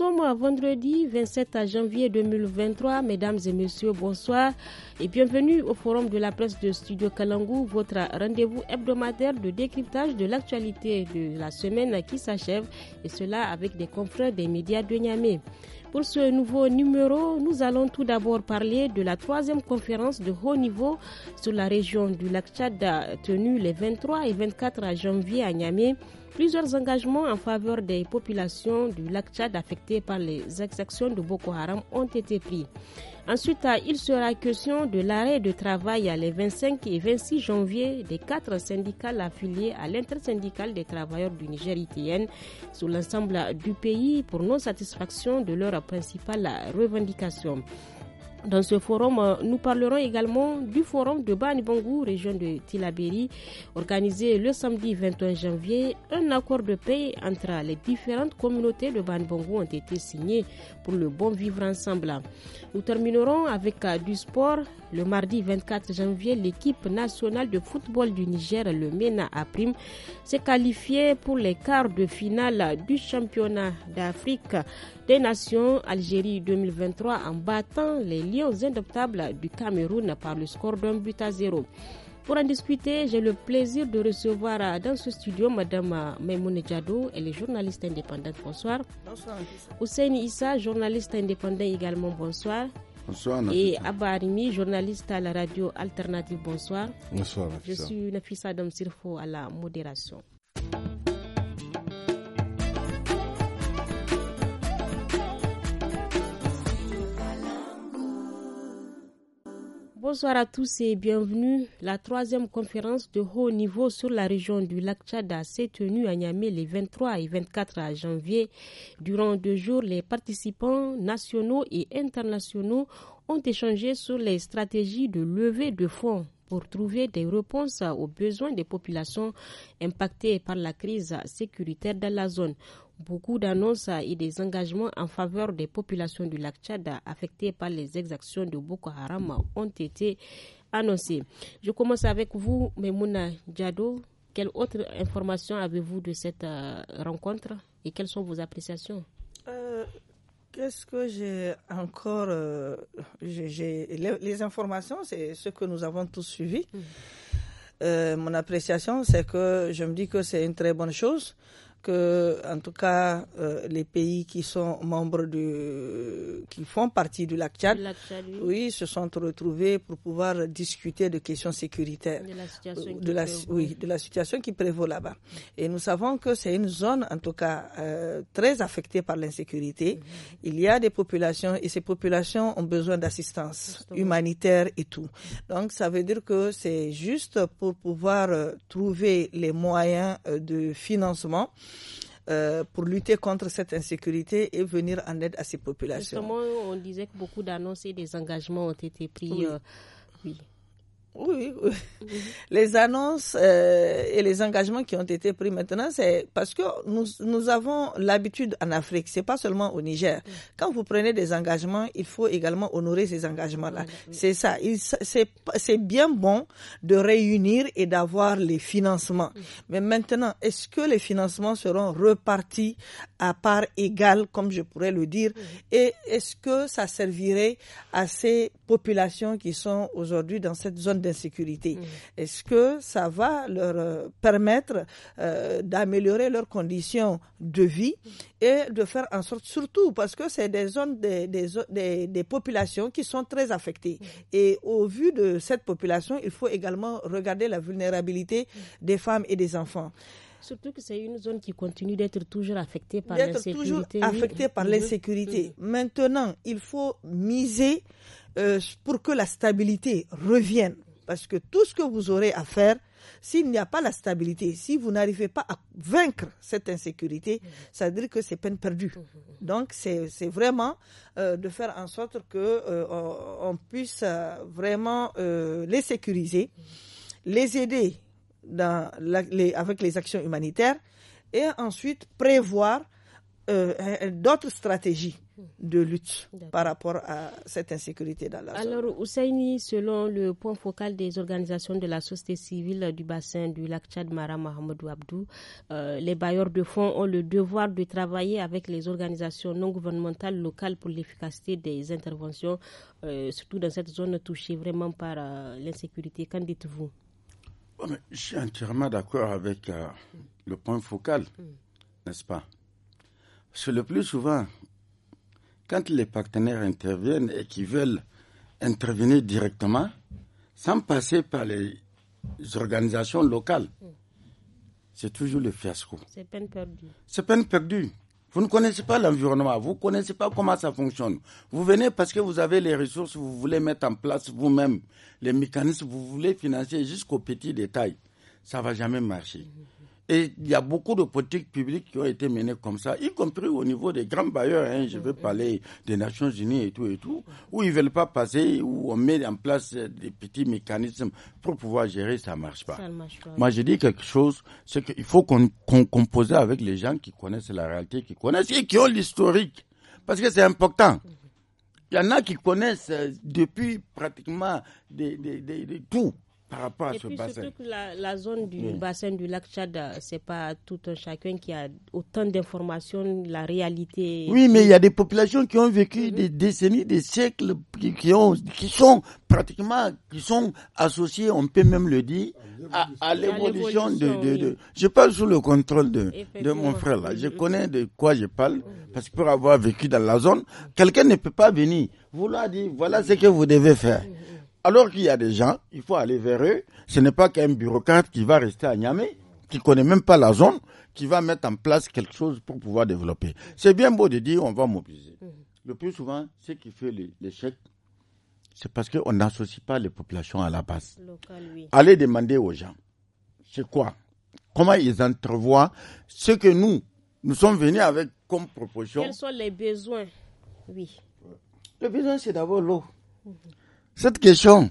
sommes à vendredi 27 janvier 2023. Mesdames et messieurs, bonsoir et bienvenue au Forum de la presse de Studio Kalangou, votre rendez-vous hebdomadaire de décryptage de l'actualité de la semaine qui s'achève et cela avec des confrères des médias de Niamey. Pour ce nouveau numéro, nous allons tout d'abord parler de la troisième conférence de haut niveau sur la région du lac Tchad tenue les 23 et 24 janvier à Niamey plusieurs engagements en faveur des populations du lac Tchad affectées par les exactions de Boko Haram ont été pris. Ensuite, il sera question de l'arrêt de travail les 25 et 26 janvier des quatre syndicats affiliés à l'intersyndicale des travailleurs du Niger ITN sur l'ensemble du pays pour non-satisfaction de leurs principales revendications. Dans ce forum, euh, nous parlerons également du forum de Bongo, région de Tilaberi, organisé le samedi 21 janvier. Un accord de paix entre les différentes communautés de Bongo ont été signés pour le bon vivre ensemble. Nous terminerons avec euh, du sport. Le mardi 24 janvier, l'équipe nationale de football du Niger, le MENA à prime, s'est qualifiée pour les quarts de finale du championnat d'Afrique des Nations Algérie 2023 en battant les Lions indoptables du Cameroun par le score d'un but à zéro. Pour en discuter, j'ai le plaisir de recevoir dans ce studio Madame Maimoune Diado, elle est journaliste indépendante. Bonsoir. Bonsoir. Hussein Issa, journaliste indépendant également. Bonsoir. Bonsoir, Et Abba Arimi, journaliste à la radio Alternative. Bonsoir. Bonsoir, Je suis Nafisa Adam Sirfo à la modération. Bonsoir à tous et bienvenue. La troisième conférence de haut niveau sur la région du lac Tchada s'est tenue à Niamey les 23 et 24 janvier. Durant deux jours, les participants nationaux et internationaux ont échangé sur les stratégies de levée de fonds pour trouver des réponses aux besoins des populations impactées par la crise sécuritaire dans la zone beaucoup d'annonces et des engagements en faveur des populations du lac Tchad affectées par les exactions de Boko Haram ont été annoncés. Je commence avec vous, Memouna Diado. Quelle autre information avez-vous de cette euh, rencontre et quelles sont vos appréciations euh, Qu'est-ce que j'ai encore euh, j'ai, les, informations, c'est ce que nous avons tous suivi. Mmh. mon appréciation, c'est que je me dis que c'est une très bonne chose que, en tout cas, euh, les pays qui sont membres du, qui font partie du lac oui. se sont retrouvés pour pouvoir discuter de questions sécuritaires, de la situation, euh, situation qui prévaut là-bas. Et nous savons que c'est une zone, en tout cas, euh, très affectée par l'insécurité. Mhm. Il y a des populations et ces populations ont besoin d'assistance humanitaire et tout. Donc, ça veut dire que c'est juste pour pouvoir trouver les moyens de financement euh, pour lutter contre cette insécurité et venir en aide à ces populations. Justement, on disait que beaucoup d'annonces et des engagements ont été pris. Euh, oui, oui. Mhm. les annonces euh, et les engagements qui ont été pris maintenant, c'est parce que nous, nous avons l'habitude en Afrique, c'est pas seulement au Niger. Mhm. Quand vous prenez des engagements, il faut également honorer ces engagements-là. C'est ça. C'est bien bon de réunir et d'avoir les financements. Mhm. Mais maintenant, est-ce que les financements seront repartis à part égale, comme je pourrais le dire, et est-ce que ça servirait à ces populations qui sont aujourd'hui dans cette zone d'insécurité. Mm. Est-ce que ça va leur euh, permettre euh, d'améliorer leurs conditions de vie et de faire en sorte, surtout parce que c'est des zones, des, des, populations qui sont très affectées. Mm. Et au vu de cette population, il faut également regarder la vulnérabilité mm. des femmes et des enfants. Surtout que c'est une zone qui continue d'être toujours affectée par l'insécurité. toujours affectée par mm-hmm. l'insécurité. Maintenant, il faut miser euh, pour que la stabilité revienne parce que tout ce que vous aurez à faire, s'il n'y a pas la stabilité, si vous n'arrivez pas à vaincre cette insécurité, ça veut dire que c'est peine perdue. Donc c'est vraiment euh, de faire en sorte que euh, on, puisse euh, vraiment les sécuriser, les aider avec les actions humanitaires et ensuite prévoir d'autres stratégies de lutte par rapport à cette insécurité dans la zone. Alors, Ousseini, selon le point focal des organisations de la société civile du bassin du lac Tchad, Mara Mohamedou Abdou, euh, les bailleurs de fonds ont le devoir de travailler avec les organisations non gouvernementales locales pour l'efficacité des interventions, euh, surtout dans cette zone touchée vraiment par euh, l'insécurité. Qu'en dites-vous Je suis entièrement d'accord avec le point focal, hmm. n'est-ce pas C'est le plus souvent, quand les partenaires interviennent et qu'ils veulent intervenir directement, sans passer par les organisations locales, c'est toujours le fiasco. C'est peine perdue. C'est peine perdue. Vous ne connaissez pas l'environnement, vous ne connaissez pas comment ça fonctionne. Vous venez parce que vous avez les ressources, vous voulez mettre en place vous-même les mécanismes, vous voulez financer jusqu'au petits détails. Ça ne va jamais marcher. Mhm. Et il y a beaucoup de politiques publiques qui ont été menées comme ça, y compris au niveau des grands bailleurs. Hein, je veux parler des Nations Unies et tout et tout, où ils veulent pas passer, où on met en place des petits mécanismes pour pouvoir gérer, ça ne marche pas. Moi, je dis quelque chose, c'est qu'il faut qu'on compose avec les gens qui connaissent la réalité, qui connaissent et qui ont l'historique, parce que c'est important. Il y en a qui connaissent euh, depuis pratiquement des, tout par rapport à ce bassin. Surtout que la, zone du bassin du lac Tchad, c'est pas tout un chacun qui a autant d'informations, la réalité. Oui, mais il y a des populations qui ont vécu mhm. des décennies, des siècles, qui, ont, qui sont pratiquement, qui sont associés, on peut même le dire, à, l'évolution de, de, de Je parle sous le contrôle de, de mon frère là. Je mhm. connais de quoi je parle mhm. parce que pour avoir vécu dans la zone, quelqu'un ne peut pas venir vouloir dire voilà ce que vous devez faire. Alors qu'il y a des gens, il faut aller vers eux. Ce n'est pas qu'un bureaucrate qui va rester à Niamey, qui connaît même pas la zone, qui va mettre en place quelque chose pour pouvoir développer. C'est bien beau de dire on va mobiliser. Mhm. Le plus souvent, ce qui fait l'échec, c'est parce qu'on n'associe pas les populations à la base. Local, Allez demander aux gens, c'est quoi Comment ils entrevoient ce que nous, nous sommes venus avec comme proposition Quels sont les besoins Oui. Le besoin, c'est d'avoir l'eau. Mhm cette question,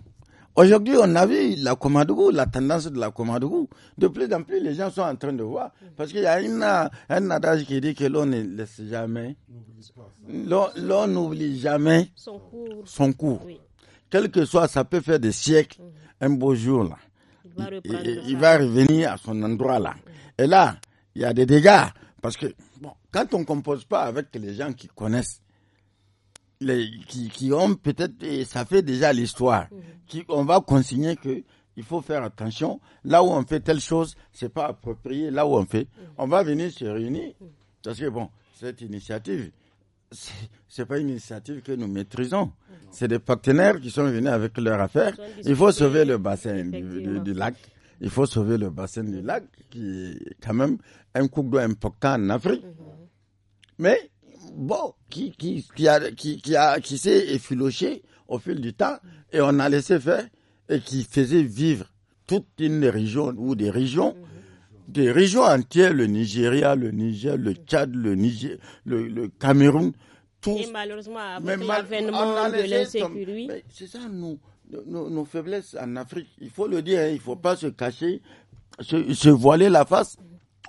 aujourd'hui, on a vu la la tendance de la Comadougou. De plus en plus, les gens sont en train de voir. Parce qu'il y a un adage qui dit que l'on ne laisse jamais, l'on n'oublie jamais son cours. Quel que soit, ça peut faire des siècles. Mhm. Un beau jour, là, il, va revenir à son endroit, là. Et là, il y a des dégâts. Parce que, quand on ne compose pas avec les gens qui connaissent, qui, ont peut-être, et ça fait déjà l'histoire, mhm. on va consigner que il faut faire attention. Là où on fait telle chose, c'est pas approprié. Là où on fait, mhm. on va venir se réunir. Mhm. Parce que bon, cette initiative, c'est pas une initiative que nous maîtrisons. C'est des partenaires qui sont venus avec leurs affaires. Il faut sauver le bassin du, lac. Il faut sauver le bassin du lac, qui est quand même un coup d'eau important en Afrique. Mais bon, qui, qui, qui, a, qui, qui, a, qui s'est effiloché au fil du temps et on a laissé faire et qui faisait vivre toute une région ou des régions, des régions entières, le Nigeria, le Niger, le Tchad, le, Niger, le, Cameroun, tout. Et malheureusement, avec l'avènement de l'insécurité. C'est ça, Nos, nos, faiblesses en Afrique. Il faut le dire, hein, il ne faut pas se cacher, se, voiler la face.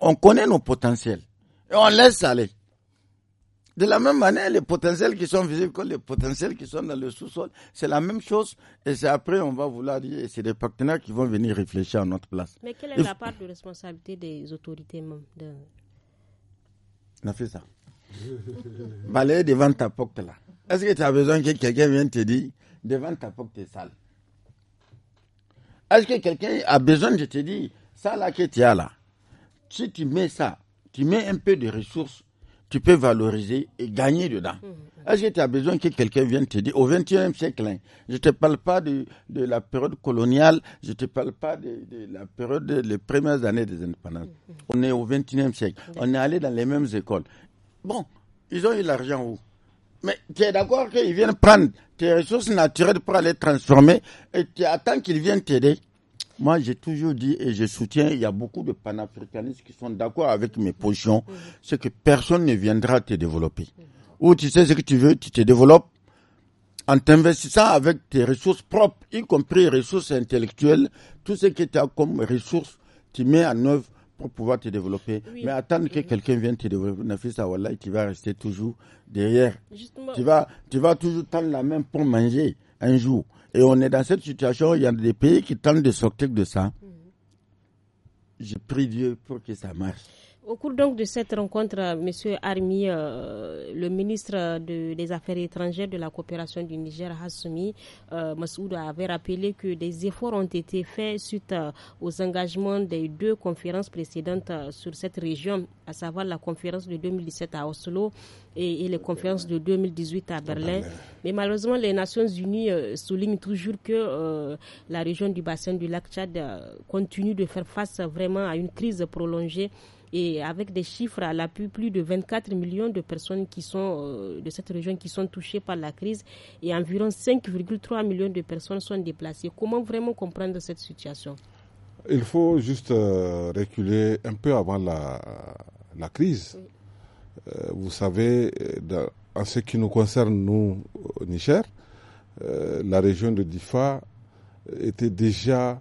On connaît nos potentiels et on laisse aller. De la même manière, les potentiels qui sont visibles comme les potentiels qui sont dans le sous-sol, c'est la même chose. Et c'est après, on va vouloir dire, c'est des partenaires qui vont venir réfléchir à notre place. Mais quelle est la part de responsabilité des autorités de... On a fait ça. Balayer devant ta porte là. Est-ce que tu as besoin que quelqu'un vienne te dire, devant ta porte est sale Est-ce que quelqu'un a besoin de te dire, ça là que tu as là Si tu mets ça, tu mets un peu de ressources tu peux valoriser et gagner dedans. Mmh, mmh. Est-ce que tu as besoin que quelqu'un vienne te dire, au XXIe siècle, hein, je ne te parle pas de, la période coloniale, je ne te parle pas de, la période des premières années des indépendances. Mmh, on est au XXIe siècle, on est allé dans les mêmes écoles. Bon, ils ont eu l'argent où mais tu es d'accord qu'ils viennent prendre tes ressources naturelles pour aller transformer et tu attends qu'ils viennent t'aider moi, j'ai toujours dit et je soutiens, il y a beaucoup de panafricanistes qui sont d'accord avec mes positions, c'est que personne ne viendra te développer. Ou tu sais ce que tu veux, tu te développes en t'investissant avec tes ressources propres, y compris ressources intellectuelles, tout ce que tu as comme ressources, tu mets en œuvre pour pouvoir te développer. Mais attendre que quelqu'un vienne te développer, tu vas rester toujours derrière. Tu vas, tu vas toujours tendre la main pour manger un jour. Et on est dans cette situation, il y a des pays qui tentent de sortir de ça. Mm. J'ai prie Dieu pour que ça marche. Au cours donc de cette rencontre, M. Armi, euh, le ministre des Affaires étrangères de la coopération du Niger, Hassoumi euh, avait rappelé que des efforts ont été faits suite euh, aux engagements des deux conférences précédentes euh, sur cette région, à savoir la conférence de 2017 à Oslo et, et les conférences de 2018 à Berlin. Mais malheureusement, les Nations Unies soulignent toujours que la région du bassin du lac Tchad continue de faire face vraiment à une crise prolongée et avec des chiffres à l'appui, plus de 24 millions de personnes qui sont euh, de cette région qui sont touchées par la crise et environ 5,3 millions de personnes sont déplacées. Comment vraiment comprendre cette situation Il faut juste euh, reculer un peu avant la, crise. Euh, vous savez, en ce qui nous concerne, nous, au Niger, la région de Difa était déjà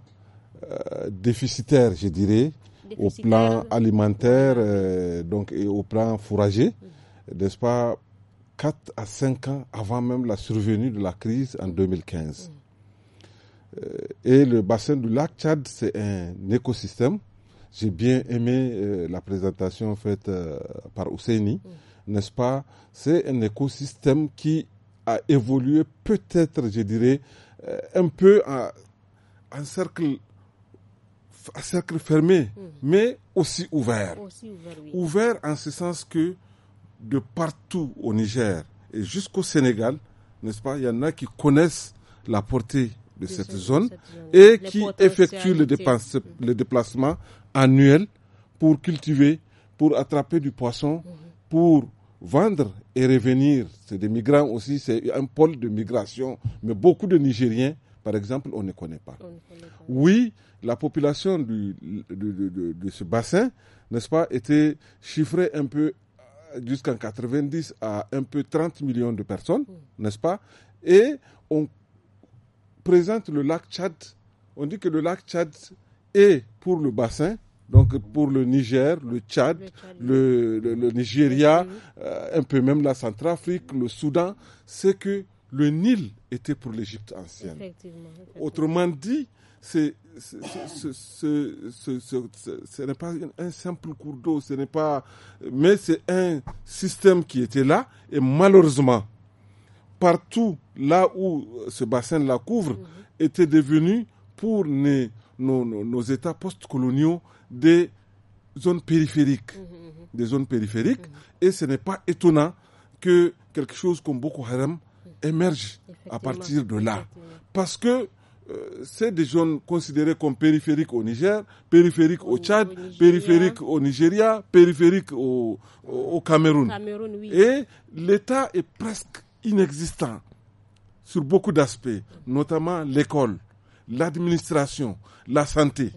déficitaire, je dirais, au plan alimentaire euh, donc, et au plan fourrager, mm. n'est-ce pas, 4 à 5 ans avant même la survenue de la crise en 2015. Mm. Euh, et le bassin du lac Tchad, c'est un écosystème. J'ai bien aimé euh, la présentation faite par Ousseini, mm. n'est-ce pas C'est un écosystème qui a évolué peut-être, je dirais, un peu en cercle à cercle fermé, mm. mais aussi ouvert. ouvert, en ce sens que de partout au Niger et jusqu'au Sénégal, n'est-ce pas, il y en a qui connaissent la portée de, cette, zone, et qui effectuent mm. le, déplacement annuel pour cultiver, pour attraper du poisson, mm. pour vendre et revenir. C'est des migrants aussi, c'est un pôle de migration, mais beaucoup de Nigériens par exemple, on ne connaît pas. Oui, la population de, ce bassin, n'est-ce pas, était chiffrée un peu euh, jusqu'en 90 à un peu 30 millions de personnes, mm. n'est-ce pas Et on présente le lac Tchad, on dit que le lac Tchad est pour le bassin, donc pour le Niger, le Tchad, le, Nigeria, euh, un peu même la Centrafrique, le Soudan, c'est que le Nil était pour l'Égypte ancienne. Autrement dit, ce n'est pas un simple cours d'eau, ce n'est pas, mais c'est un système qui était là et malheureusement, partout là où ce bassin la couvre mhm. était devenu pour nos, nos, États postcoloniaux des zones périphériques, mhm, mhm. des zones périphériques, et ce n'est pas étonnant que quelque chose comme Boko Haram Émerge à partir de là. Parce que euh, c'est des zones considérées comme périphériques au Niger, périphériques au, Tchad, périphériques au Nigeria, périphériques au, Cameroun. Et l'État est presque inexistant sur beaucoup d'aspects, notamment l'école, l'administration, la santé. Mmh,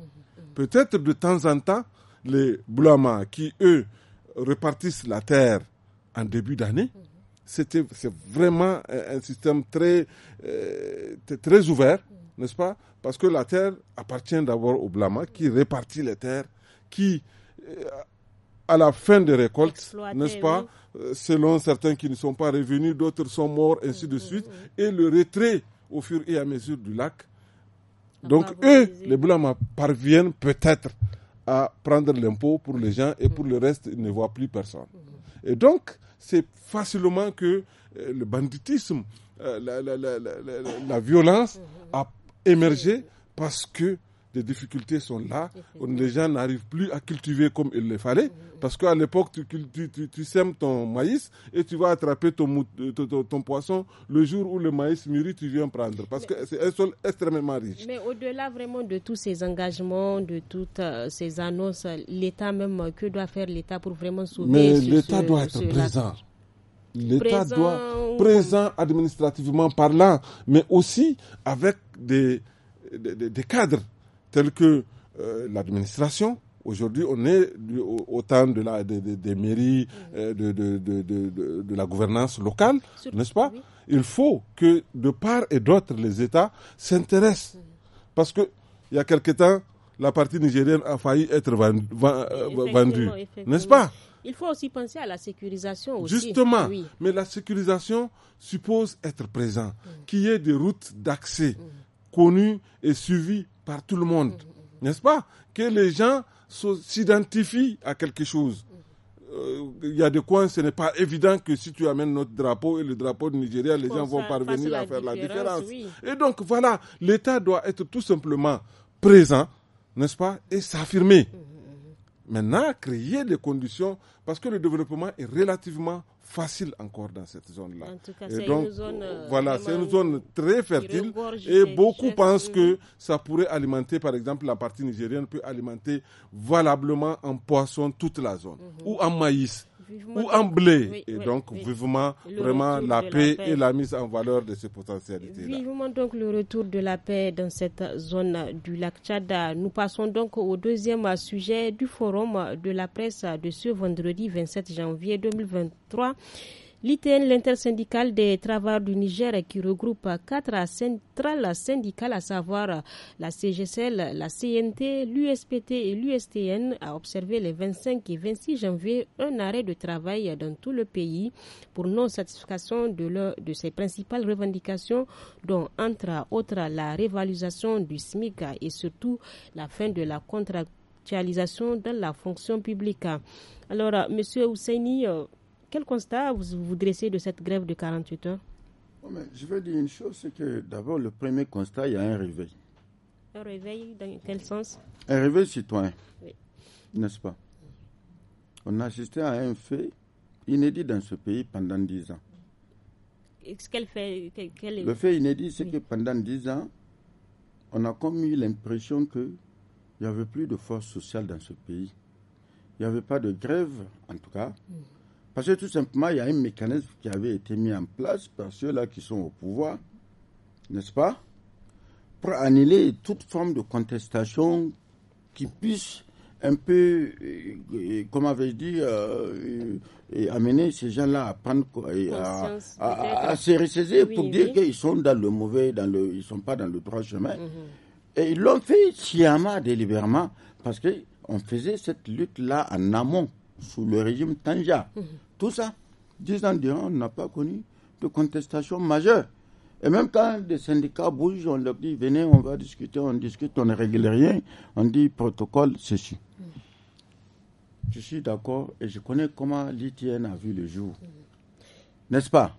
mmh. Peut-être de temps en temps, les Blamas qui, eux, repartissent la terre en début d'année, mmh c'était c'est vraiment un, système très euh, très ouvert, n'est-ce pas Parce que la terre appartient d'abord au Blama hein, qui répartit les terres, qui euh, à la fin des récoltes, n'est-ce pas euh, Selon certains qui ne sont pas revenus, d'autres sont morts, mm, ainsi de mm, suite, mm. et le retrait au fur et à mesure du lac. Donc eux, les blamas parviennent peut-être à prendre l'impôt pour les gens et pour le reste, ils ne voient plus personne. Et donc, c'est facilement que euh, le banditisme, euh, la, violence a émergé parce que des difficultés sont là. Les gens n'arrivent plus à cultiver comme il le fallait. Mm-hmm. Parce qu'à l'époque, tu, sèmes ton maïs et tu vas attraper euh, ton, poisson. Le jour où le maïs mûrit, tu viens prendre. Parce que c'est un sol extrêmement riche. Mais au-delà vraiment de tous ces engagements, de toutes euh, ces annonces, l'État même, que doit faire l'État pour vraiment sauver Mais l'État doit être présent. L'État doit être présent administrativement parlant, mais aussi avec des cadres tels que euh, l'administration. Aujourd'hui, on est au, temps de la, des mairies, euh, de, de, la gouvernance locale, n'est-ce pas Il faut que de part et d'autre les États s'intéressent. Parce qu'il y a quelque temps, la partie nigérienne a failli être euh, vendue, n'est-ce pas Il faut aussi penser à la sécurisation aussi. Justement, mais la sécurisation suppose être présent, qu'il y ait des routes d'accès connu et suivi par tout le monde. Mm, mm, mm. N'est-ce pas Que les gens s'identifient à quelque chose. Euh, il y a des coins, ce n'est pas évident que si tu amènes notre drapeau et le drapeau du Nigeria, les gens vont parvenir à faire la différence. Et donc voilà, l'État doit être tout simplement présent, n'est-ce pas, et s'affirmer. Maintenant, créer des conditions, parce que le développement est relativement facile encore dans cette zone-là. Et donc, euh, voilà, c'est une zone très fertile et beaucoup pensent que mm. ça pourrait alimenter, par exemple, la partie nigérienne peut alimenter valablement en poisson toute la zone mhm. ou en maïs ou en blé. et donc, vivement vraiment la paix, et la mise en valeur de ces potentialités. -là. Vivement donc le retour de la paix dans cette zone du lac Tchad. Nous passons donc au deuxième sujet du forum de la presse de ce vendredi 27 janvier 2023. L'ITN, l'intersyndicale des travailleurs du Niger, qui regroupe quatre centrales syndicales, à savoir la CGCL, la CNT, l'USPT et l'USTN, a observé les 25 et 26 janvier un arrêt de travail dans tout le pays pour non-satisfaction de, de ses principales revendications, dont entre autres la révalorisation du SMIC et surtout la fin de la contractualisation dans la fonction publique. Alors, M. Ousseini, euh, quel constat vous, vous dressez de cette grève de 48 heures oh, Je vais dire une chose, c'est que d'abord, le premier constat, il y a un réveil. Un réveil dans quel sens Un réveil citoyen, n'est-ce pas On a assisté à un fait inédit dans ce pays pendant 10 ans. fait, Le fait inédit, c'est que pendant 10 ans, on a comme eu l'impression qu'il n'y avait plus de force sociale dans ce pays. Il n'y avait pas de grève, en tout cas, mm. Parce que tout simplement, il y a un mécanisme qui avait été mis en place par ceux-là qui sont au pouvoir, n'est-ce pas Pour annuler toute forme de contestation qui puisse un peu, comme avait dit, amener ces gens-là à prendre à, se ressaisir pour dire qu'ils sont dans le mauvais, dans le, ils sont pas dans le droit chemin. Mhm. Et ils l'ont fait sciemment, délibérément, parce qu'on faisait cette lutte-là en amont sous le régime Tanja. Mmh. Tout ça, dix ans durant, on n'a pas connu de contestation majeure. Et même quand des syndicats bougent, on leur dit venez, on va discuter, on discute, on ne règle rien. On dit protocole, ceci. Mmh. Je suis d'accord et je connais comment l'ITN a vu le jour. N'est-ce pas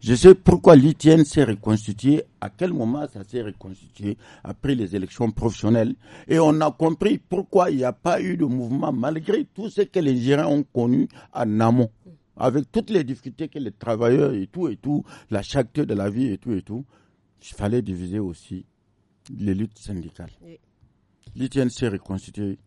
je sais pourquoi l'ITN s'est reconstitué, à quel moment ça s'est reconstitué après les élections professionnelles. Et on a compris pourquoi il n'y a pas eu de mouvement malgré tout ce que les Gérants ont connu en amont. Avec toutes les difficultés que les travailleurs et tout et tout, la chacteur de la vie et tout et tout, il fallait diviser aussi les luttes syndicales. L'ITN s'est reconstitué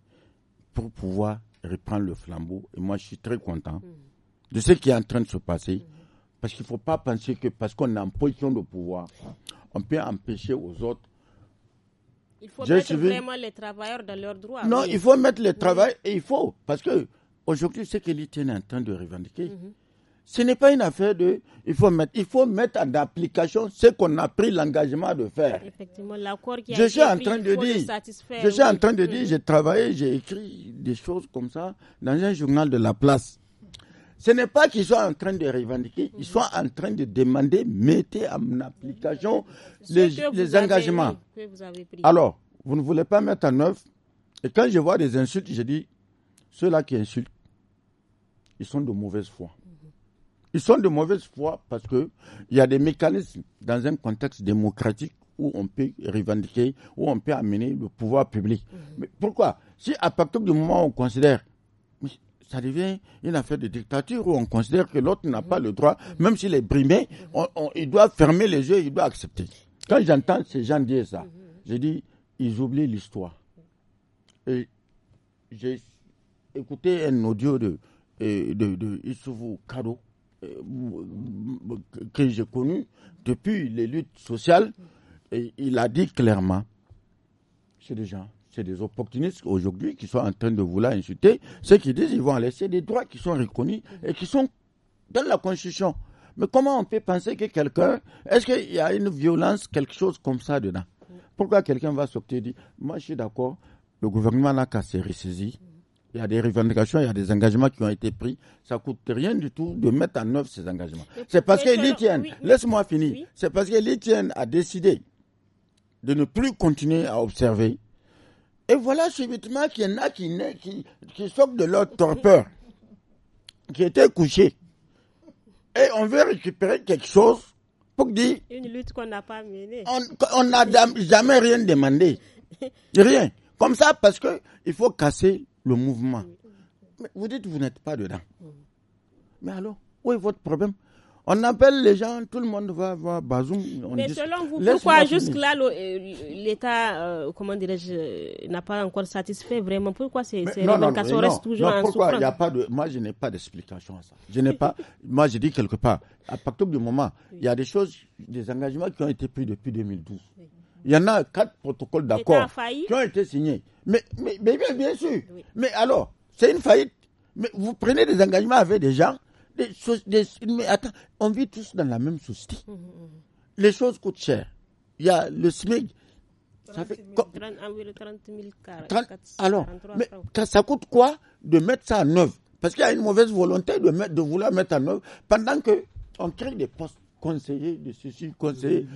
pour pouvoir reprendre le flambeau. Et moi, je suis très content mm. de ce qui est en train de se passer. Mm. Parce qu'il ne faut pas penser que parce qu'on est en position de pouvoir, on peut empêcher aux autres. Il faut mettre vraiment les travailleurs dans leurs droits. Non, il faut mettre le travail, et il faut. Parce qu'aujourd'hui, aujourd'hui, ce que l'ITN est en train de revendiquer, mhm. ce n'est pas une affaire de. Il faut mettre, il faut mettre en application ce qu'on a pris l'engagement de faire. Effectivement, l'accord qui a je suis en train de dire, Je suis en train de dire, mhm. j'ai travaillé, j'ai écrit des choses comme ça dans un journal de la place. Ce n'est pas qu'ils soient en train de revendiquer, ils sont en train de demander, mettez en application les, engagements. Alors, vous ne voulez pas mettre en œuvre. Et quand je vois des insultes, je dis, ceux-là qui insultent, ils sont de mauvaise foi. Mhm. Ils sont de mauvaise foi parce qu'il y a des mécanismes dans un contexte démocratique où on peut revendiquer, où on peut amener le pouvoir public. Mhm. Mais pourquoi Si à partir du moment où on considère ça devient une affaire de dictature où on considère que l'autre n'a pas le droit, même s'il est brimé, il doit fermer les yeux, il doit accepter. Quand j'entends ces gens dire ça, je dis, ils oublient l'histoire. Et j'ai écouté un audio de, euh, de, Kado, euh, que j'ai connu depuis les luttes sociales, et il a dit clairement, c'est des gens c'est des opportunistes aujourd'hui qui sont en train de vouloir insulter. Ceux qui disent qu'ils vont laisser des droits qui sont reconnus et qui sont dans la Constitution. Mais comment on peut penser que quelqu'un, est-ce qu'il y a une violence, quelque chose comme ça dedans Pourquoi quelqu'un va sortir et dire, moi je suis d'accord, le gouvernement n'a qu'à se ressaisir. Il y a des revendications, il y a des engagements qui ont été pris. Ça ne coûte rien du tout de mettre en œuvre ces engagements. C'est parce que l'Étienne, laisse-moi finir, c'est parce que l'Étienne a décidé de ne plus continuer à observer et voilà subitement qu'il y en a qui, naît, qui, sortent de leur torpeur, qui étaient couchés. Et on veut récupérer quelque chose pour dire. Une lutte qu'on n'a pas menée. On n'a jamais rien demandé. Rien. Comme ça, parce qu'il faut casser le mouvement. vous dites que vous n'êtes pas dedans. Mais alors, où est votre problème on appelle les gens, tout le monde va voir Bazoum. Mais selon vous, pourquoi jusque-là euh, l'État, euh, comment dirais-je, n'a pas encore satisfait vraiment Pourquoi ces, toujours revendications restent toujours en pourquoi a pas de, Moi, je n'ai pas d'explication à ça. Je n'ai pas. moi, je dis quelque part, à partir du moment, il y a des choses, des engagements qui ont été pris depuis 2012. Il y en a quatre protocoles d'accord qui ont été signés. Mais, mais, bien, sûr. Mais alors, c'est une faillite. Mais vous prenez des engagements avec des gens des des, mais attends, on vit tous dans la même société. Hum, hum, hum. Les choses coûtent cher. Il y a le SMIC. Ça fait 30, 000 ah alors, mais ça coûte quoi de mettre ça en œuvre Parce qu'il y a une mauvaise volonté de, mettre, de vouloir mettre en œuvre pendant que on crée des postes conseillers, de ceci, conseillers,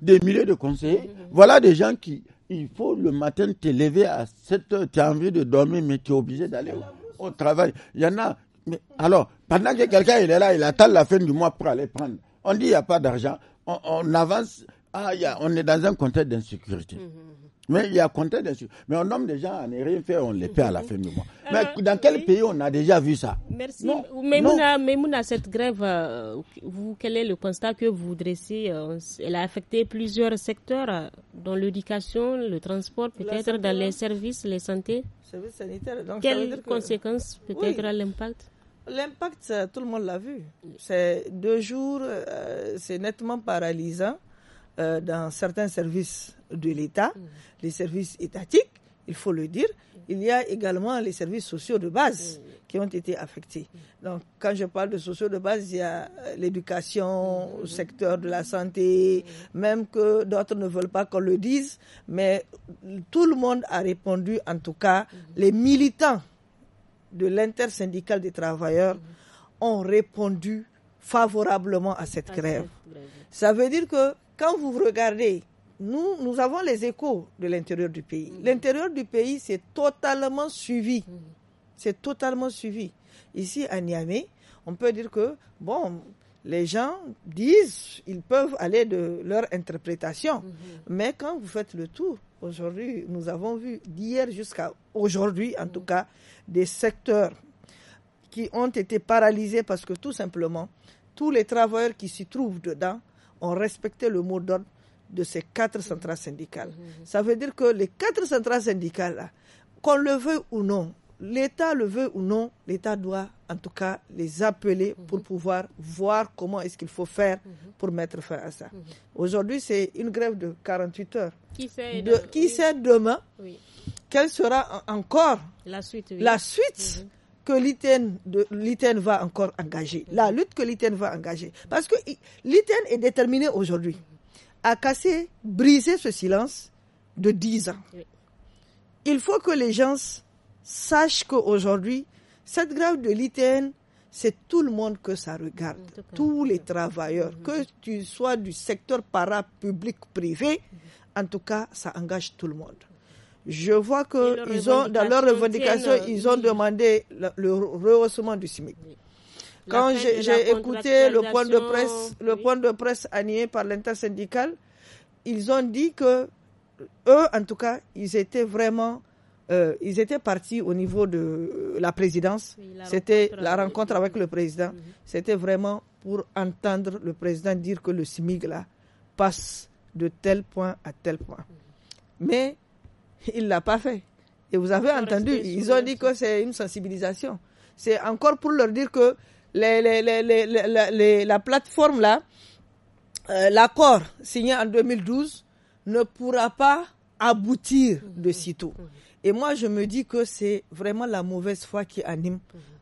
des, milliers de conseillers. Voilà des gens qui, il faut le matin te lever à 7 heures, tu as envie de dormir, mais tu es obligé d'aller au travail. Il y en a, alors, pendant que quelqu'un est là, il attend la fin du mois pour aller prendre. On dit il n'y a pas d'argent. On, avance. Ah, on est dans un contexte d'insécurité. Mhm. Mais il y a un contexte d'insécurité. Mais on nomme des gens on rien fait, on les paie à la mhm. fin du mois. Mais dans quel pays on a déjà vu ça Merci. Mais Mouna, cette grève, euh, vous, quel est le constat que vous dressez euh, Elle a affecté plusieurs secteurs, euh, dont l'éducation, le transport, peut-être dans les services, les santé. Services sanitaires. Quelles conséquences peut-être l'impact L'impact, tout le monde l'a vu. C'est deux jours, euh, c'est nettement paralysant euh, dans certains services de l'État, mm. les services étatiques, il faut le dire. Il y a également les services sociaux de base mm. qui ont été affectés. Donc, quand je parle de sociaux de base, il y a euh, l'éducation, le mm. secteur de la santé, même que d'autres ne veulent pas qu'on le dise, mais tout le monde a répondu, en tout cas, les militants de l'intersyndicale des travailleurs ont répondu favorablement à cette grève. Ça veut dire que quand vous regardez, nous, nous avons les échos de l'intérieur du pays. Mm-hmm. L'intérieur du pays, c'est totalement suivi. C'est mm-hmm. totalement suivi. Ici, à Niamey, on peut dire que, bon, les gens disent, ils peuvent aller de leur interprétation. Mm-hmm. Mais quand vous faites le tour, Aujourd'hui, nous avons vu d'hier jusqu'à aujourd'hui, en tout cas, des secteurs qui ont été paralysés parce que tout simplement, tous les travailleurs qui s'y trouvent dedans ont respecté le mot d'ordre de ces quatre centrales syndicales. Ça veut dire que les quatre centrales syndicales, qu'on le veut ou non, l'État le veut ou non, l'État doit en tout cas les appeler pour mhm. pouvoir voir comment est-ce qu'il faut faire mhm. pour mettre fin à ça. Mhm. Aujourd'hui, c'est une grève de 48 heures. Qui sait, de, qui sait demain quelle sera encore la suite, la suite que l'ITN va encore engager, la lutte que l'ITN va engager. Parce que l'ITN est déterminé aujourd'hui à casser, briser ce silence de 10 ans. Il faut que les gens sachent qu'aujourd'hui, cette grève de l'ITN, c'est tout le monde que ça regarde, tous les travailleurs, mhm. que tu sois du secteur parapublic privé, en tout cas, ça engage tout le monde. Je vois que ont, dans leurs revendications, euh, ils ont demandé le, rehaussement du SMIC. Quand j'ai écouté le point de presse, le point de presse par l'intersyndical, ils ont dit que eux, en tout cas, ils étaient vraiment euh, ils étaient partis au niveau de euh, la présidence. C'était la rencontre avec le président. Mhm. C'était vraiment pour entendre le président dire que le SMIG passe de tel point à tel point. Mhm. Mais il l'a pas fait. Et vous avez entendu, ils ont dit que c'est une sensibilisation. C'est encore pour leur dire que la plateforme là, euh, l'accord signé en 2012 ne pourra pas aboutir de mhm. sitôt. Et moi, je me dis que c'est vraiment la mauvaise foi qui anime,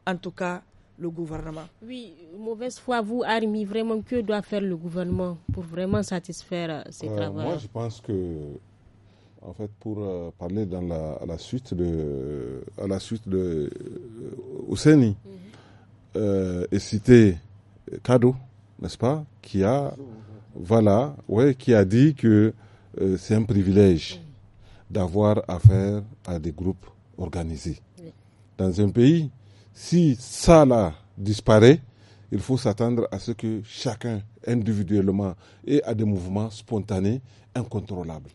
en tout cas, le gouvernement. Oui, mauvaise foi, vous, Armi, vraiment, que doit faire le gouvernement pour vraiment satisfaire euh, ces travailleurs? travaux Moi, je pense que, en fait, pour euh, parler dans la, à la suite de, à la suite de euh, Ouseni, mhm. et citer Kado, n'est-ce pas, qui a, voilà, ouais, qui a dit que c'est un privilège. Mhm d'avoir affaire à des groupes organisés. Dans un pays, si ça là disparaît, il faut s'attendre à ce que chacun individuellement ait des mouvements spontanés incontrôlables.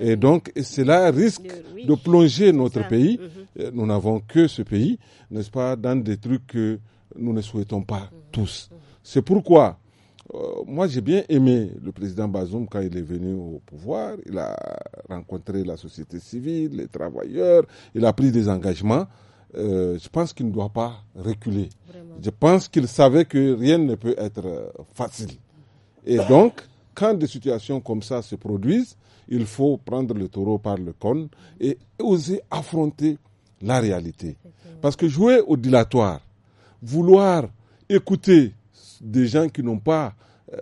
Et, donc cela risque de plonger notre pays. Mhm. Euh, nous n'avons que ce pays, n'est-ce pas, dans des trucs que nous ne souhaitons pas mhm. tous. Mhm. C'est pourquoi euh, moi, j'ai bien aimé le président Bazoum quand il est venu au pouvoir. Il a rencontré la société civile, les travailleurs. Il a pris des engagements. Euh, je pense qu'il ne doit pas reculer. Je pense qu'il savait que rien ne peut être euh, facile. Et donc, quand des situations comme ça se produisent, il faut prendre le taureau par le cône et oser affronter la réalité. Parce que jouer au dilatoire, vouloir écouter des gens qui n'ont pas euh,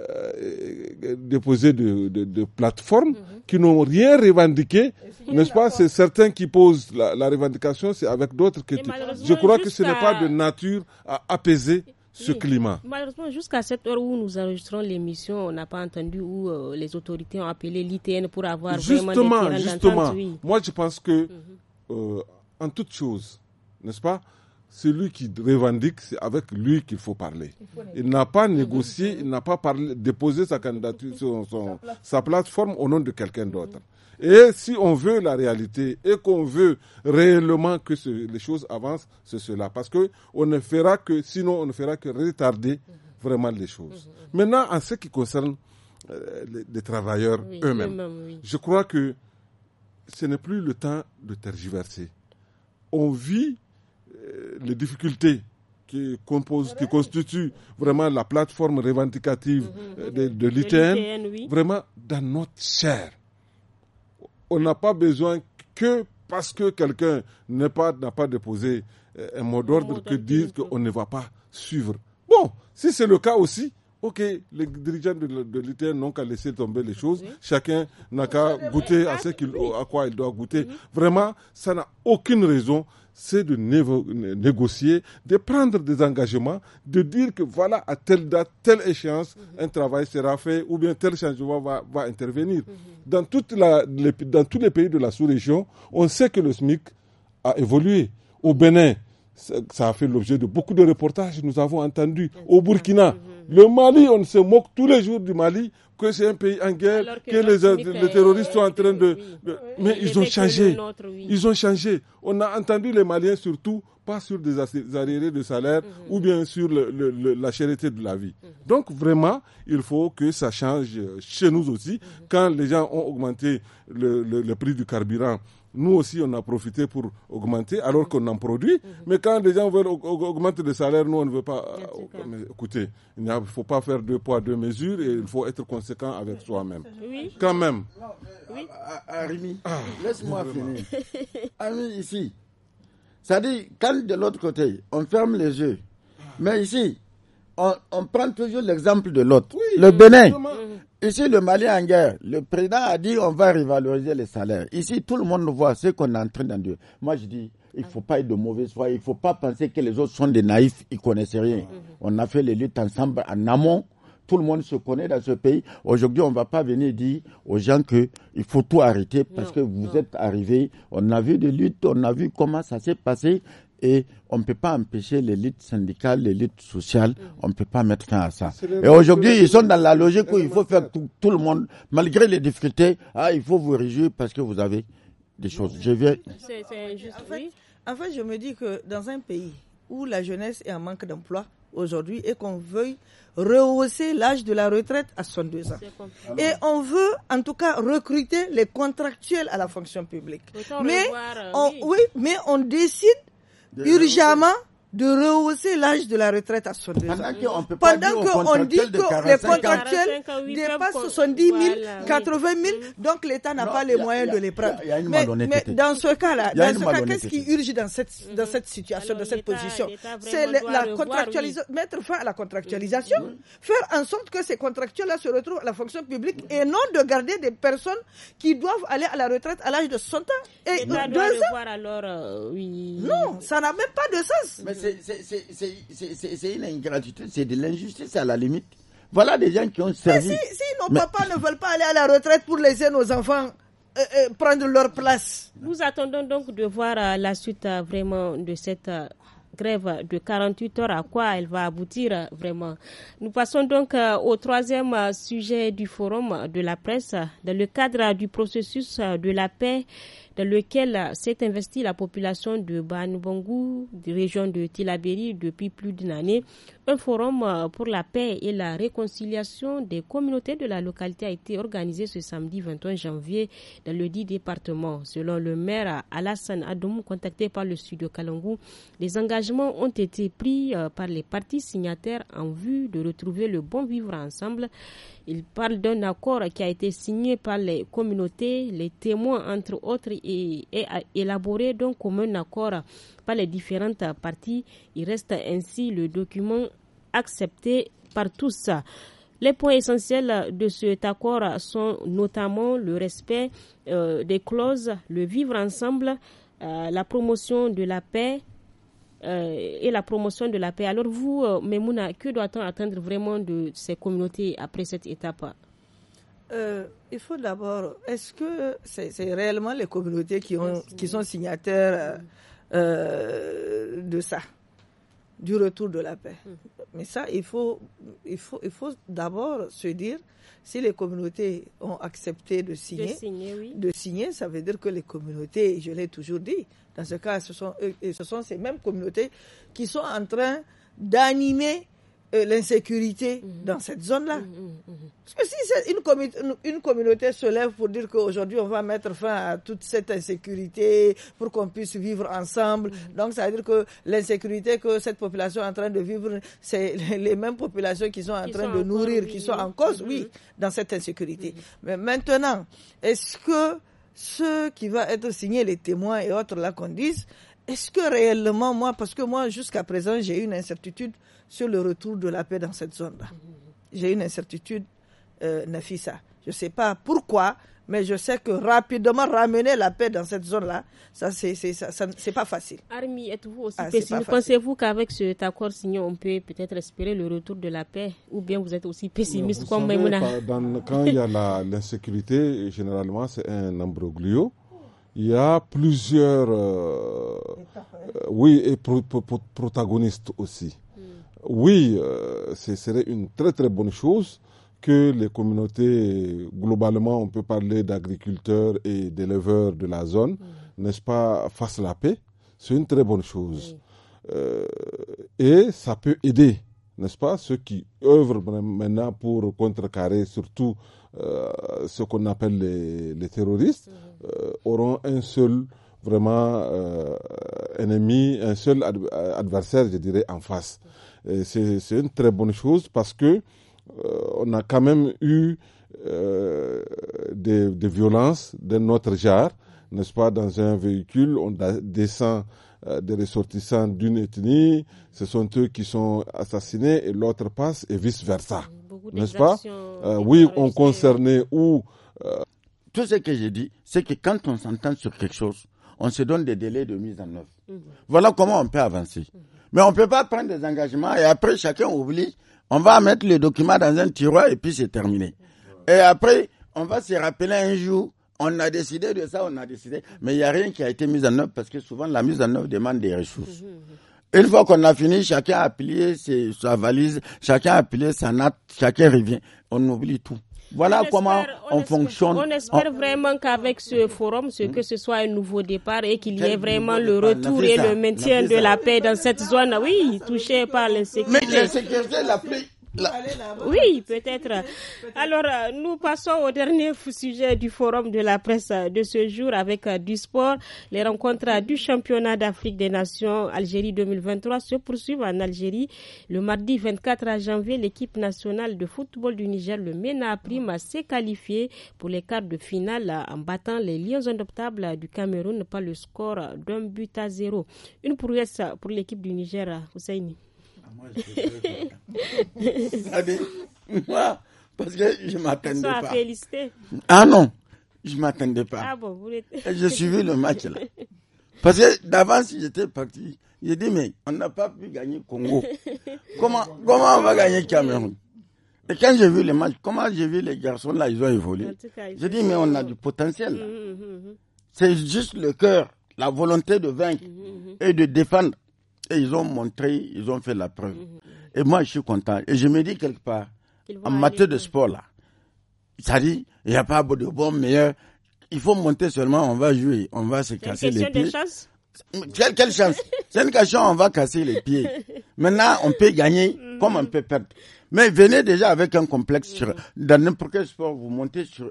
euh, déposé de, plateforme, mhm. qui n'ont rien revendiqué, n'est-ce pas C'est certains qui posent la, revendication, c'est avec d'autres que tu... Je crois que ce n'est pas de nature à apaiser ce climat. Malheureusement, jusqu'à cette heure où nous enregistrons l'émission, on n'a pas entendu où euh, les autorités ont appelé l'ITN pour avoir justement, vraiment Justement, Moi, je pense que, mhm. en toute chose, n'est-ce pas celui qui revendique, c'est avec lui qu'il faut parler. Il n'a pas négocié, il n'a pas parlé, déposé sa candidature, sa plateforme au nom de quelqu'un d'autre. Et si on veut la réalité et qu'on veut réellement que les choses avancent, c'est cela. Parce que on ne fera que, sinon on ne fera que retarder mhm. vraiment les choses. Mhm, mhm. Maintenant, en ce qui concerne euh, les, travailleurs eux-mêmes, je crois que ce n'est plus le temps de tergiverser. On vit euh, les difficultés qui, composent qui constituent vraiment la plateforme revendicative mhm. euh, de, l'ITN, vraiment dans notre chair. On n'a pas besoin que parce que quelqu'un n'a pas, pas déposé euh, un mot d'ordre que dire qu'on ne va pas suivre. Bon, si c'est le cas aussi, Ok, les dirigeants de, l'ITN n'ont qu'à laisser tomber les choses. Chacun n'a qu'à goûter à, ce qu'il à quoi il doit goûter. Mhm. Vraiment, ça n'a aucune raison c'est de négocier, de prendre des engagements, de dire que voilà, à telle date, telle échéance, mhm. un travail sera fait ou bien tel changement va, intervenir. Mhm. dans, dans tous les pays de la sous-région, on sait que le SMIC a évolué. Au Bénin, ça a fait l'objet de beaucoup de reportages, nous avons entendu. Au Burkina, mhm. Le Mali, on se moque tous les jours du Mali que c'est un pays en guerre, que, les, terroristes sont euh, en train de... mais ils ont changé. Ils ont changé. On a entendu les Maliens surtout, pas sur des arriérés de salaire mhm. ou bien sur la charité de la vie. Mhm. Donc vraiment, il faut que ça change chez nous aussi. Mhm. Quand les gens ont augmenté le prix du carburant, nous aussi, on a profité pour augmenter alors qu'on en produit. Mhm. Mais quand les gens veulent augmenter le salaire, nous, on ne veut pas. Euh, écoutez, il ne faut pas faire deux poids, deux mesures et il faut être conséquent avec soi-même. Quand même. Euh, oui. Arimi, ah. laisse-moi finir. Arimi, ici, ça dit, quand de l'autre côté, on ferme les yeux, ah. mais ici, on, prend toujours l'exemple de l'autre, le Bénin. Ici, le Mali est en guerre. Le président a dit on va revaloriser les salaires. Ici, tout le monde voit ce qu'on est en train d'endurer. Moi, je dis, il faut pas être de mauvaise foi. Il ne faut pas penser que les autres sont des naïfs. Ils ne connaissent rien. Mhm. On a fait les luttes ensemble en amont. Tout le monde se connaît dans ce pays. Aujourd'hui, on ne va pas venir dire aux gens qu'il faut tout arrêter parce que vous êtes arrivés. On a vu des luttes, on a vu comment ça s'est passé et on ne peut pas empêcher l'élite syndicale, l'élite sociale, on ne peut pas mettre fin à ça. Et aujourd'hui, ils sont dans la logique où il faut faire tout, tout le monde, malgré les difficultés, ah, il faut vous réjouir parce que vous avez des choses. Je viens... en, fait, je me dis que dans un pays où la jeunesse est en manque d'emploi, aujourd'hui et qu'on veuille rehausser l'âge de la retraite à 62 ans. Et on veut en tout cas recruter les contractuels à la fonction publique. mais euh, oui. mais on décide Yürüyeceğim de rehausser l'âge de la retraite à 62 ans. Pendant qu'on dit que les contractuels dépassent 70 000, 80 000, donc l'État n'a pas les moyens de les prendre. mais, dans ce cas-là, ce qu'est-ce qui urge dans cette, dans cette mm-hmm. situation, dans cette position C'est la contractualisation, mettre fin à la contractualisation, mm-hmm. faire en sorte que ces contractuels-là se retrouvent à la fonction publique et non de garder des personnes qui doivent aller à la retraite à l'âge de 60 ans et, ans. Euh, non, ça n'a même pas de sens. C'est une ingratitude, c'est de l'injustice à la limite. Voilà des gens qui ont servi. Mais si, nos papas ne veulent pas aller à la retraite pour laisser nos enfants euh, euh, prendre leur place. Nous attendons donc de voir euh, la suite vraiment de cette grève de 48 heures, à quoi elle va aboutir euh, vraiment. Nous passons donc euh, au troisième euh, sujet du forum de la presse. Dans le cadre du processus de la paix, dans lequel s'est investie la population de Banubangou, de région de Tilaberi, depuis plus d'une année. Un forum pour la paix et la réconciliation des communautés de la localité a été organisé ce samedi 21 janvier dans le dit département. Selon le maire Alassane Adomou, contacté par le studio Kalangou, les engagements engagements ont été pris euh, par les parties signataires en vue de retrouver le bon vivre ensemble. Il parle d'un accord qui a été signé par les communautés, les témoins entre autres et, élaboré donc comme un accord par les différentes parties. Il reste ainsi le document accepté par tous. Les points essentiels de cet accord sont notamment le respect euh, des clauses, le vivre ensemble, euh, la promotion de la paix, euh, et la promotion de la paix. Alors vous, euh, Memouna, que doit-on attendre vraiment de ces communautés après cette étape euh, il faut d'abord, est-ce que c'est réellement les communautés qui, sont signataires de ça, du retour de la paix mm. Mais ça, il faut, il faut, il faut d'abord se dire si les communautés ont accepté de signer. De signer, ça veut dire que les communautés, je l'ai toujours dit, dans ce cas, ce sont, ce sont ces mêmes communautés qui sont en train d'animer euh, l'insécurité mhm. dans cette zone-là. Mhm, mhm, Parce que si une, une, communauté se lève pour dire qu'aujourd'hui on va mettre fin à toute cette insécurité pour qu'on puisse vivre ensemble, donc ça veut dire que l'insécurité que cette population est en train de vivre, c'est les mêmes populations qui sont en train de nourrir, qui sont en cause, oui, dans cette insécurité. Mais maintenant, est-ce que ceux qui vont être signés, les témoins et autres, là qu'on dise, est-ce que réellement, moi, parce que moi, jusqu'à présent, j'ai une incertitude sur le retour de la paix dans cette zone-là. J'ai une incertitude, euh, Nafisa. Je ne sais pas pourquoi, mais je sais que rapidement ramener la paix dans cette zone-là, ça, c'est, ça c'est pas facile. Armi, êtes-vous aussi ah, pessimiste Pensez-vous qu'avec cet accord signé, on peut peut-être espérer le retour de la paix Ou bien vous êtes aussi pessimiste comme Quand il y a l'insécurité, généralement, c'est un ambroglio il y a plusieurs, euh, euh, oui, et protagonistes aussi. Hmm. Oui, euh, ce serait une très très bonne chose que les communautés, globalement, on peut parler d'agriculteurs et d'éleveurs de la zone, hmm. n'est-ce pas, fassent la paix. C'est une très bonne chose. Euh, et ça peut aider n'est-ce pas, ceux qui œuvrent maintenant pour contrecarrer surtout euh, ce qu'on appelle les, terroristes, euh, auront un seul vraiment euh, ennemi, un seul adversaire, je dirais, en face. C'est une très bonne chose parce que on a quand même eu des, violences de notre genre, n'est-ce pas, dans un véhicule, on descend euh, des ressortissants d'une ethnie, ce sont eux qui sont assassinés et l'autre passe et vice-versa. N'est-ce pas euh, Oui, on concernait où... Euh, Tout ce que j'ai dit, c'est que quand on s'entend sur quelque chose, on se donne des délais de mise en œuvre. Mhm. Voilà comment on peut avancer. Mhm. Mais on ne peut pas prendre des engagements et après chacun oublie, on va mettre le document dans un tiroir et puis c'est terminé. Mhm. Et après, on va se rappeler un jour on a décidé de ça, on a décidé, mais il n'y a rien qui a été mis en œuvre parce que souvent la mise en œuvre demande des ressources. Mhm, mhm. Une fois qu'on a fini, chacun a plié sa valise, chacun a plié sa natte, chacun revient. On oublie tout. Voilà comment on, fonctionne. On espère vraiment qu'avec ce mhm. forum, ce que ce soit un nouveau départ et qu'il y ait vraiment le retour et le maintien de la paix dans cette zone, oui, touchée par l'insécurité. Mais l'insécurité la oui, peut-être. Alors, euh, nous passons au dernier sujet du forum de la presse euh, de ce jour avec euh, du sport. Les rencontres du championnat d'Afrique des Nations Algérie 2023 se poursuivent en Algérie. Le mardi 24 janvier, l'équipe nationale de football du Niger, le MENA Prime, s'est qualifiée pour les quarts de finale en battant les Lions indoptables du Cameroun par le score d'un but à zéro. Une prouesse pour l'équipe du Niger, Husseini. Ah, moi, je parce que je ne m'attendais pas. Félicité. Ah non, je ne m'attendais pas. Ah bon, vous J'ai suivi le match là. Parce que d'avance, j'étais parti. J'ai dit, mais on n'a pas pu gagner Congo. Comment, comment on va gagner Cameroun Et quand j'ai vu le match, comment j'ai vu les garçons là, ils ont évolué. J'ai dit, mais on a du potentiel hum, hum, hum, C'est juste le cœur, la volonté de vaincre et de défendre ils ont montré, ils ont fait la preuve. Et moi, je suis content. Et je me dis quelque part, en matière de sport, là, ça dit, il n'y a pas de bon meilleur. Il faut monter seulement, on va jouer, on va se casser les pieds. Chance mm, quelle, quelle, chance C'est une question, on va casser les pieds. Maintenant, on peut gagner mm. comme on peut perdre. Mais venez déjà avec un complexe. sur, dans n'importe quel sport, vous montez sur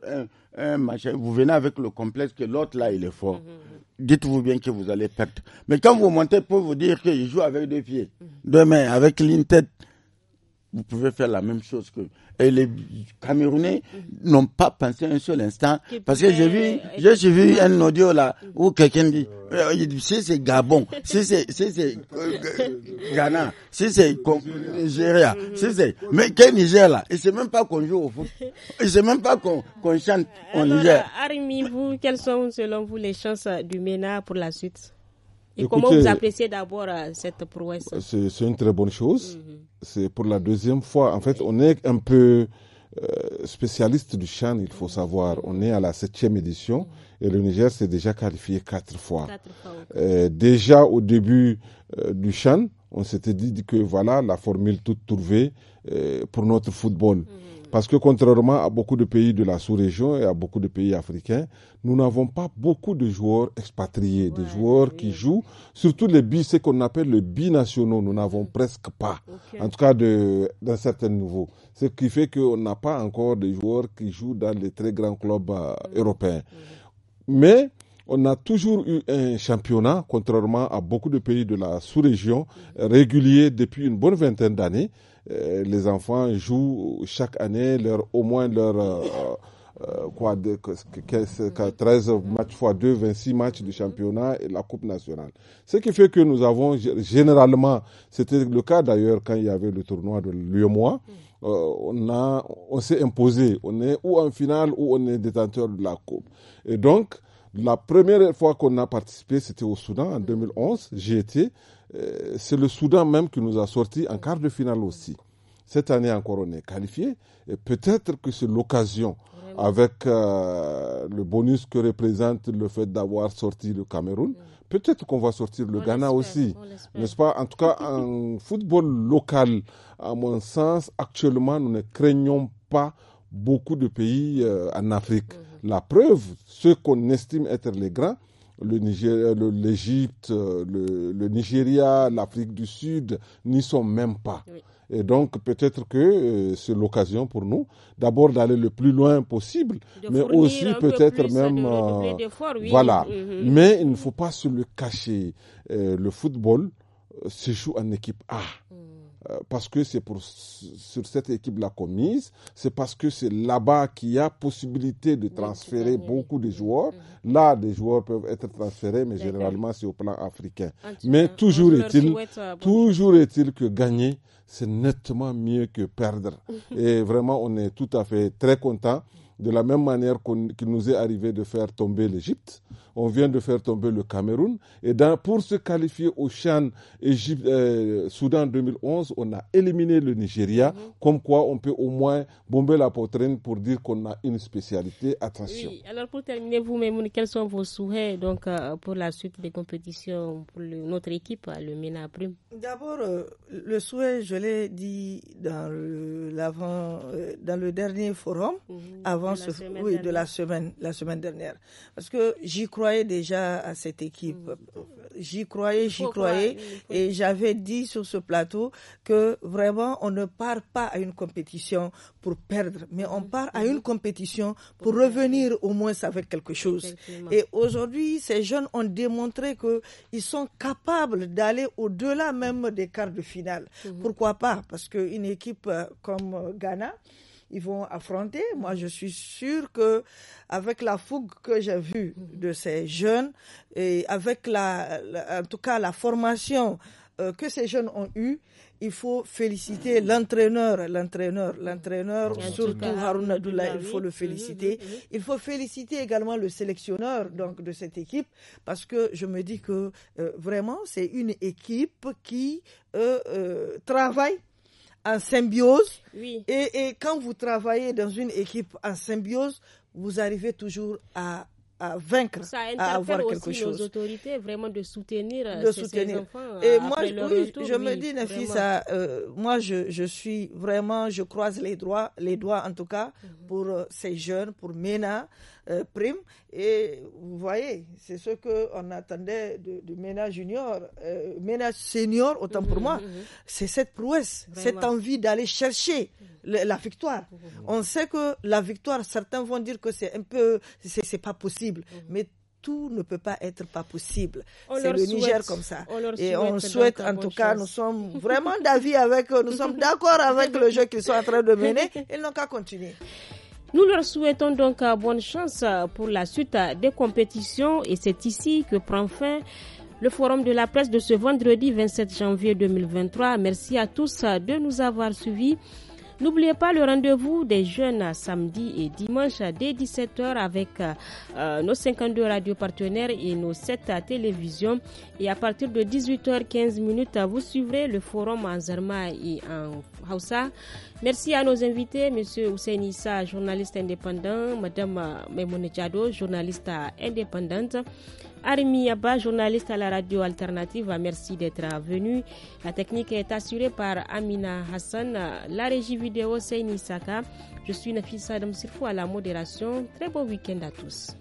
un, machin, vous venez avec le complexe que l'autre là, il est fort. Mm-hmm dites-vous bien que vous allez perdre. Mais quand vous montez pour vous dire qu'il joue avec deux pieds, mm. deux mains, avec une tête, vous pouvez faire la même chose que et les Camerounais n'ont pas pensé un seul instant parce que j'ai vu j'ai vu un audio là où quelqu'un euh, dit si c'est Gabon si c'est c'est euh, Ghana si c'est Nigeria si c'est mhm. mais quel Niger là il sait même pas qu'on joue au foot il sait même pas qu'on chante au Niger Arimi vous quelles sont selon vous les chances euh, du MENA pour la suite et comment vous appréciez d'abord cette prouesse C'est une très bonne chose. Mhm c'est pour la deuxième fois. En fait, on est un peu euh, spécialiste du Chan, il faut savoir. On est à la septième édition et le Niger s'est déjà qualifié quatre fois. Euh, déjà au début euh, du Chan, on s'était dit que voilà la formule toute trouvée pour notre football. Mhm. Parce que contrairement à beaucoup de pays de la sous-région et à beaucoup de pays africains, nous n'avons pas beaucoup de joueurs expatriés, de des joueurs qui jouent, surtout les bi, ce qu'on appelle les binationaux, nous n'avons mm. presque pas, en tout cas d'un certain niveau. Ce qui fait qu'on n'a pas encore de joueurs qui jouent dans les très grands clubs euh, mm. européens. Mm. Mais on a toujours eu un championnat, contrairement à beaucoup de pays de la sous-région, régulier depuis une bonne vingtaine d'années. Euh, les enfants jouent chaque année leur, au moins leur euh, euh, quoi, 13 matchs fois 2, 26 matchs du championnat et la Coupe nationale. Ce qui fait que nous avons généralement, c'était le cas d'ailleurs quand il y avait le tournoi de lyon on, on s'est imposé. On est ou en finale ou on est détenteur de la Coupe. Et donc, la première fois qu'on a participé, c'était au Soudan en 2011. Mhm. J'y étais. Euh, c'est le Soudan même qui nous a sortis en quart de finale aussi cette année encore on est qualifié. Et peut-être que c'est l'occasion, avec euh, le bonus que représente le fait d'avoir sorti le Cameroun, mhm. peut-être qu'on va sortir le Ghana aussi, n'est-ce pas En tout cas, en football local, à mon sens, actuellement, nous ne craignons pas beaucoup de pays euh, en Afrique. Mhm. La preuve, ceux qu'on estime être les grands, euh, l'Égypte, euh, le, Nigeria, l'Afrique du Sud n'y sont même pas. Et donc peut-être que euh, c'est l'occasion pour nous d'abord d'aller le plus loin possible, mais aussi peut-être même... Voilà. Mhm. Mais il ne mhm. faut pas se le cacher. le football se joue en équipe A. Mhm. Euh, parce que c'est pour sur cette équipe-là qu'on mise, c'est parce que c'est là-bas qu'il y a possibilité de transférer beaucoup de mm-hmm. joueurs. Mm-hmm. Là, des joueurs peuvent être transférés, mais généralement c'est au plan africain. mais toujours est-il, euh, toujours est-il que gagner, c'est nettement mieux que perdre. Et vraiment, on est tout à fait très content. De la même manière qu'il nous est arrivé de faire tomber l'Égypte, on vient de faire tomber le Cameroun. Et pour se qualifier au Chan Égypte, euh, Soudan 2011, on a éliminé le Nigeria. Comme quoi, on peut au moins bomber la poitrine pour dire qu'on a une spécialité. Attention. Alors pour terminer, vous, Mémoun, quels sont vos souhaits donc, euh, pour la suite des compétitions pour notre équipe, euh, le MENA Prime D'abord, le souhait, je l'ai dit dans le, dans le dernier forum, mhm, avant de, ce, la de la semaine, la semaine dernière. Parce que j'y crois croyais déjà à cette équipe. Mm. J'y croyais, j'y croyais. Et j'avais dit sur ce plateau que vraiment, on ne part pas à une compétition pour perdre, mais on mm-hmm. part à mm-hmm. une compétition pour revenir au moins avec quelque chose. Et aujourd'hui, ces jeunes ont démontré qu'ils sont capables d'aller au-delà même des quarts de finale. Mm-hmm. Pourquoi pas Parce qu'une équipe euh, comme euh, Ghana, ils vont affronter. Moi, je suis sûre que avec la fougue que j'ai vue de ces jeunes et avec la, en tout cas la formation euh, que ces jeunes ont eue, il faut féliciter l'entraîneur, l'entraîneur, l'entraîneur, surtout Haruna Doula, il faut le féliciter. Il faut féliciter également le sélectionneur donc de cette équipe parce que je me dis que euh, vraiment c'est une équipe qui euh, euh travaille en symbiose. Oui. Et, et, quand vous travaillez dans une équipe en symbiose, vous arrivez toujours à, à vaincre, à avoir quelque aussi chose. Nos autorités vraiment de soutenir, euh, de ces, soutenir. enfants Et euh, moi, je, me dis, Nafi, euh, moi, je, je, suis vraiment, je croise les doigts, les doigts en tout cas, mhm. pour ces jeunes, pour Mena. Euh, prime. Et vous voyez, c'est ce qu'on attendait du, ménage junior, euh, ménage senior, autant pour mhm, moi. Mhm, mhm. C'est cette prouesse, cette envie d'aller chercher la victoire. On sait que la victoire, certains vont dire que c'est un peu, c'est pas possible. Mais tout ne peut pas être pas possible. C'est le Niger comme ça. et on souhaite, en tout cas, nous sommes vraiment d'avis avec nous sommes d'accord avec le jeu qu'ils sont en train de mener. Ils n'ont qu'à continuer. Nous leur souhaitons donc euh, bonne chance euh, pour la suite euh, des compétitions et c'est ici que prend fin le forum de la presse de ce vendredi 27 janvier 2023. Merci à tous de nous avoir suivis. N'oubliez pas le rendez-vous des jeunes samedi et dimanche dès 17h avec euh, nos 52 radios partenaires et nos 7 télévisions. Et à partir de 18h15, vous suivrez le forum en Zerma et en Hausa. Merci à nos invités, M. Hussein Issa, journaliste indépendant, Mme euh, Memone journaliste euh, indépendante. Armi Yaba, journaliste à la radio alternative, merci d'être venu. La technique est assurée par Amina Hassan, la régie vidéo c'est Saka. Je suis Nafisa Adam Sirfou à la modération. Très bon week-end à tous.